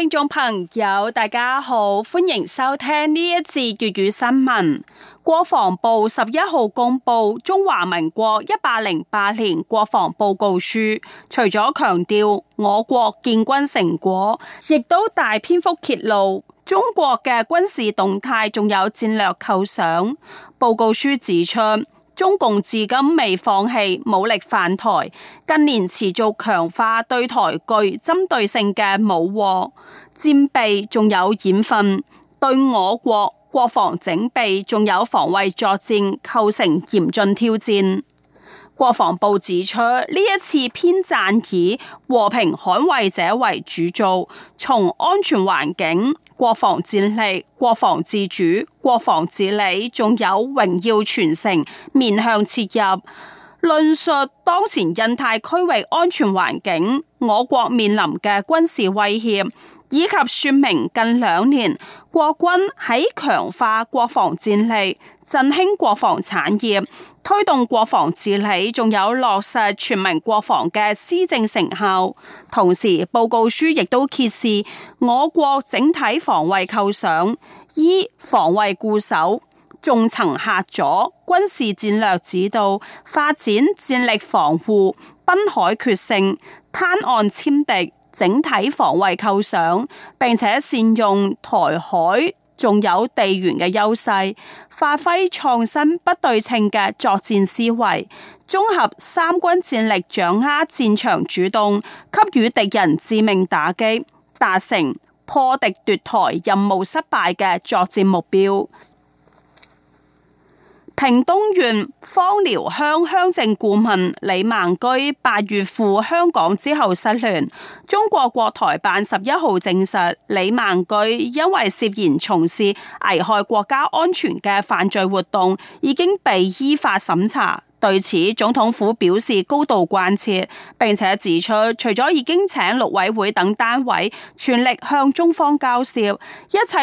聽眾朋友，大家好，歡迎收聽呢一次粵語新聞。國防部十一號公佈中華民國一百零八年國防報告書，除咗強調我國建軍成果，亦都大篇幅揭露中國嘅軍事動態，仲有戰略構想。報告書指出，中共至今未放棄武力犯台，近年持續強化對台具針對性嘅武禍、戰備，仲有演訓，對我國國防整備仲有防衛作戰構成嚴峻挑戰。國防部指出，呢一次編撰以和平捍衛者為主軸，從安全環境、國防戰力、國防自主、國防治理，仲有榮耀傳承，面向切入論述當前印太區域安全環境，我國面臨嘅軍事威脅。以及說明近兩年國軍喺強化國防戰力、振興國防產業、推動國防治理，仲有落實全民國防嘅施政成效。同時，報告書亦都揭示我國整體防衛構想，依防衛固守、重層嚇阻、軍事戰略指導、發展戰力防護、濱海決勝、灘岸殲敵。整體防衛構想，並且善用台海仲有地緣嘅優勢，發揮創新不對稱嘅作戰思維，綜合三軍戰力，掌握戰場主動，給予敵人致命打擊，達成破敵奪台任務失敗嘅作戰目標。屏東縣枋寮鄉鄉政顧問李孟居八月赴香港之後失聯，中國國台辦十一號證實，李孟居因為涉嫌從事危害國家安全嘅犯罪活動，已經被依法審查。對此，總統府表示高度關切，並且指出，除咗已經請陸委會等單位全力向中方交涉，一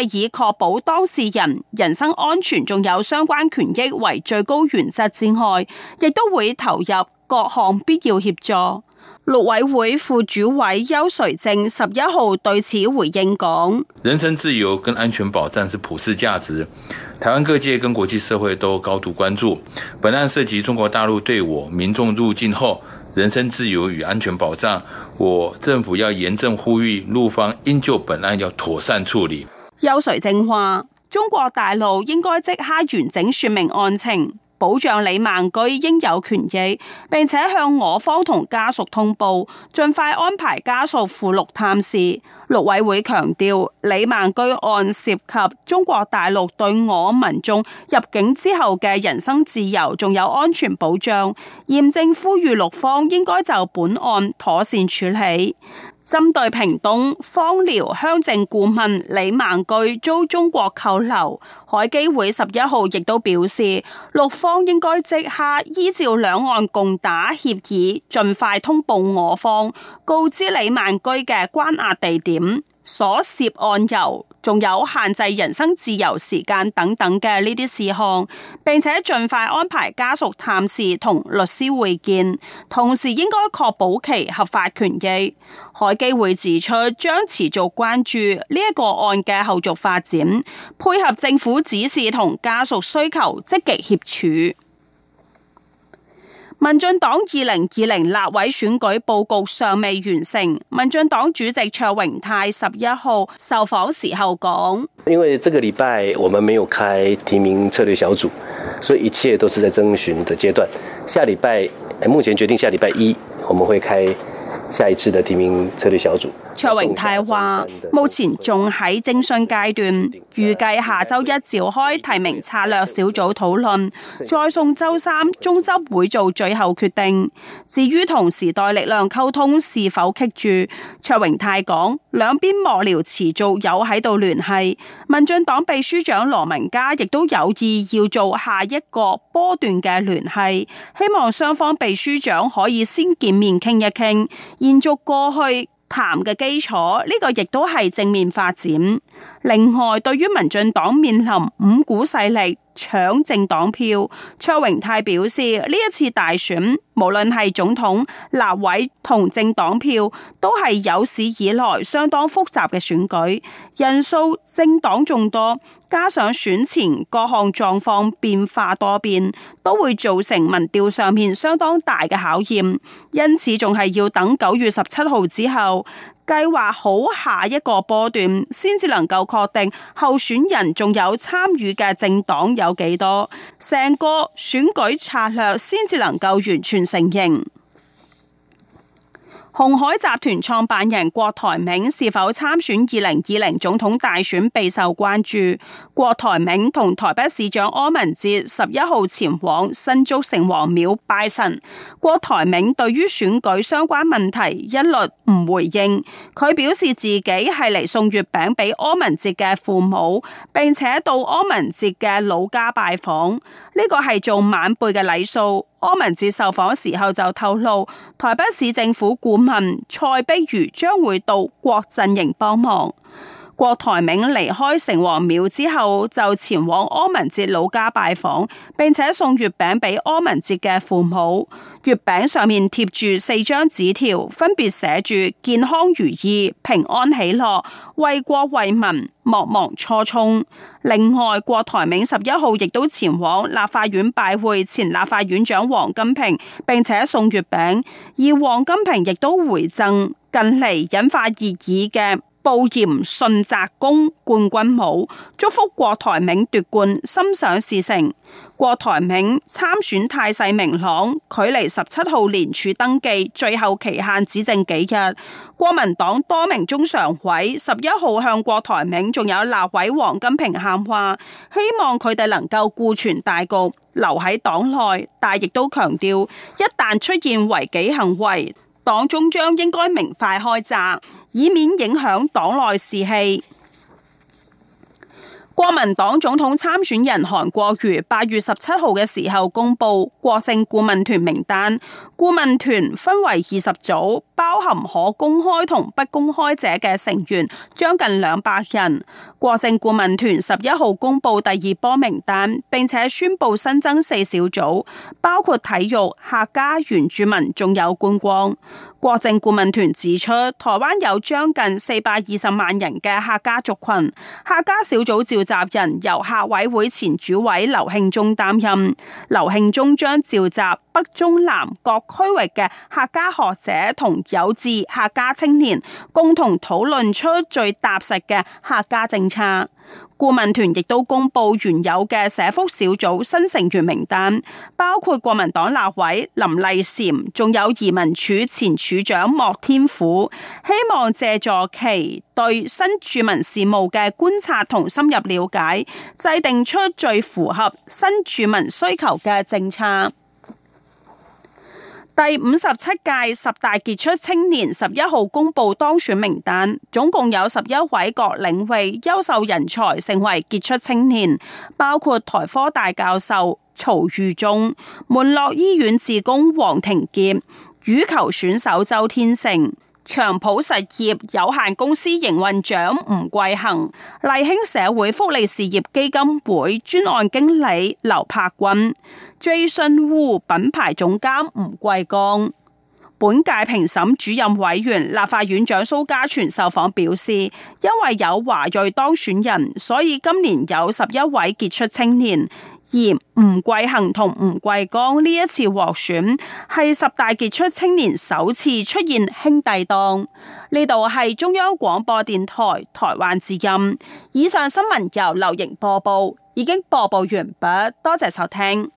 切以確保當事人人身安全仲有相關權益為最高原則之外，亦都會投入各項必要協助。陸委會副主委邱垂正十一號對此回應講：人身自由跟安全保障是普世價值，台灣各界跟國際社會都高度關注。本案涉及中國大陸對我民眾入境後人身自由與安全保障，我政府要嚴正呼籲陸方應就本案要妥善處理。邱垂正話：中國大陸應該即刻完整說明案情。保障李孟居應有權益，並且向我方同家屬通報，盡快安排家屬赴陸探視。陸委會強調，李孟居案涉及中國大陸對我民眾入境之後嘅人身自由，仲有安全保障，嚴正呼籲陸方應該就本案妥善處理。針對屏東枋寮鄉政顧問李孟居遭中國扣留，海基會十一號亦都表示，陸方應該即刻依照兩岸共打協議，盡快通報我方，告知李孟居嘅關押地點。所涉案由，仲有限制人身自由時間等等嘅呢啲事項，並且盡快安排家屬探視同律師會見，同時應該確保其合法權益。海基會指出，將持續關注呢一個案嘅後續發展，配合政府指示同家屬需求，積極協助。民進黨二零二零立委選舉報告尚未完成，民進黨主席卓榮泰十一號受訪時候講：因為這個禮拜我們沒有開提名策略小組，所以一切都是在徵詢的階段。下禮拜目前決定下禮拜一我們會開。下一次的提名策略小組，卓榮泰話：目前仲喺徵詢階段，預計下周一召開提名策略小組討論，的再送周三中執會做最後決定。至於同時代力量溝通是否棘住，卓榮泰講：兩邊幕僚持續有喺度聯繫。民進黨秘書長羅文嘉亦都有意要做下一個波段嘅聯繫，希望雙方秘書長可以先見面傾一傾。延續過去談嘅基礎，呢個亦都係正面發展。另外，對於民進黨面臨五股勢力搶政黨票，卓榮泰表示，呢一次大選。無論係總統、立委同政黨票，都係有史以來相當複雜嘅選舉。人數政黨眾多，加上選前各項狀況變化多變，都會造成民調上面相當大嘅考驗。因此，仲係要等九月十七號之後，計劃好下一個波段，先至能夠確定候選人仲有參與嘅政黨有幾多，成個選舉策略先至能夠完全。承認，鴻海集團創辦人郭台銘是否參選二零二零總統大選備受關注。郭台銘同台北市長柯文哲十一號前往新竹城隍廟拜神。郭台銘對於選舉相關問題一律唔回應。佢表示自己係嚟送月餅俾柯文哲嘅父母，並且到柯文哲嘅老家拜訪，呢個係做晚輩嘅禮數。柯文哲受訪時候就透露，台北市政府顧問蔡碧如將會到郭陣營幫忙。郭台銘離開城隍廟之後，就前往柯文哲老家拜訪，並且送月餅俾柯文哲嘅父母。月餅上面貼住四張紙條，分別寫住健康如意、平安喜樂、為國為民、莫忘初衷。另外，郭台銘十一號亦都前往立法院拜會前立法院長王金平，並且送月餅，而王金平亦都回贈。近嚟引發熱議嘅。布賢信澤公冠軍帽，祝福郭台銘奪冠，心想事成。郭台銘參選態勢明朗，距離十七號聯署登記最後期限只剩幾日。國民黨多名中常委十一號向郭台銘，仲有立委王金平喊話，希望佢哋能夠顧全大局，留喺黨內，但亦都強調，一旦出現違紀行為，黨中央應該明快開鍘。以免影響黨內士氣。國民黨總統參選人韓國瑜八月十七號嘅時候公布國政顧問團名單，顧問團分為二十組，包含可公開同不公開者嘅成員，將近兩百人。國政顧問團十一號公布第二波名單，並且宣布新增四小組，包括體育、客家、原住民，仲有觀光。國政顧問團指出，台灣有將近四百二十萬人嘅客家族群，客家小組召集人由客委會前主委劉慶中擔任。劉慶中將召集北中南各區域嘅客家學者同有志客家青年，共同討論出最踏實嘅客家政策。顧問團亦都公布原有嘅社福小組新成員名單，包括國民黨立委林麗蟬，仲有移民署前署長莫天虎，希望借助其對新住民事務嘅觀察同深入了解，制定出最符合新住民需求嘅政策。第五十七屆十大傑出青年十一號公布當選名單，總共有十一位各領域優秀人才成為傑出青年，包括台科大教授曹裕忠、門諾醫院志工黃庭杰、羽球選手周天成。長普實業有限公司營運長吳桂恆、麗興社會福利事業基金會專案經理劉柏君、Jason Wu 品牌總監吳桂剛。本屆評審主任委員、立法院長蘇嘉全受訪表示，因為有華裔當選人，所以今年有十一位傑出青年，而吳桂恆同吳桂江呢一次獲選，係十大傑出青年首次出現兄弟檔。呢度係中央廣播電台台灣之音。以上新聞由劉瑩播報，已經播報完畢，多謝收聽。